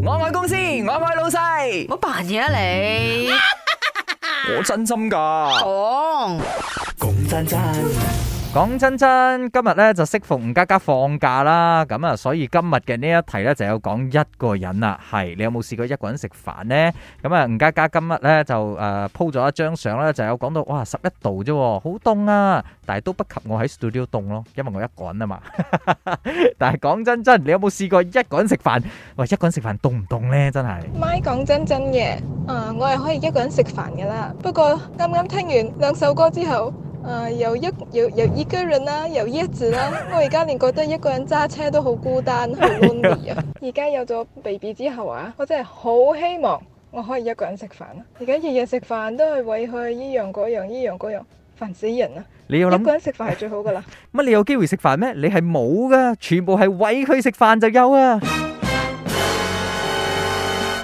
我愛公司，我愛老細，冇扮嘢啊你！我真心㗎，講講真真。講真真，今日咧就適逢吳家家放假啦，咁啊，所以今日嘅呢一題咧就有講一個人啊，係你有冇試過一個人食飯呢？咁啊，吳家家今日咧就誒鋪咗一張相咧，就有講到哇十一度啫，好凍啊！但係都不及我喺 studio 凍咯，因為我一個人啊嘛。 但係講真真，你有冇試過一個人食飯？喂，一個人食飯凍唔凍呢？真係。咪講真真嘅，誒我係可以一個人食飯噶啦。不過啱啱聽完兩首歌之後。啊，呃、有一又一個人啦、啊，有一葉子啦、啊，我而家連覺得一個人揸車都好孤單，好 lonely 啊！而家 有咗 baby 之後啊，我真係好希望我可以一個人食飯啊。而家日日食飯都係餵佢依樣嗰樣依樣嗰樣，煩死人啊！你要諗一個人食飯係最好噶啦，乜、啊、你有機會食飯咩？你係冇噶，全部係餵佢食飯就有啊！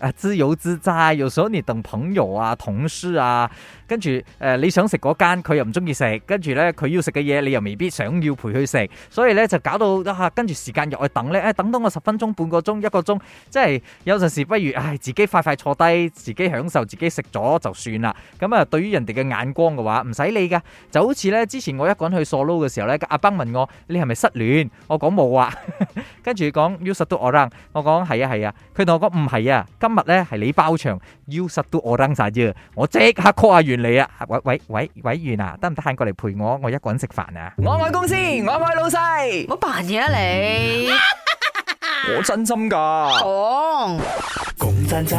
啊，自由自在，有時候你等朋友啊、同事啊，跟住誒、呃，你想食嗰間，佢又唔中意食，跟住呢，佢要食嘅嘢，你又未必想要陪佢食，所以呢，就搞到啊，跟住時間又去等呢。誒、欸，等到我十分鐘、半個鐘、一個鐘，即係有陣時不如唉，自己快快坐低，自己享受，自己食咗就算啦。咁啊，對於人哋嘅眼光嘅話，唔使理噶，就好似呢，之前我一個人去 solo 嘅時候呢，阿伯問我你係咪失戀？我講冇啊。是呀，是呀，跟住講 Ushdo o u l d I run，我講係啊，係啊，佢同我講唔係啊，今日咧係你包場 Ushdo o u l d I run 晒啫，我即刻 call 阿源嚟啊，喂喂喂喂源啊，得唔得閒過嚟陪我，我一個人食飯啊。我愛公司，我愛老細，冇扮嘢啊你、嗯， 我真心㗎，oh. 講講真真。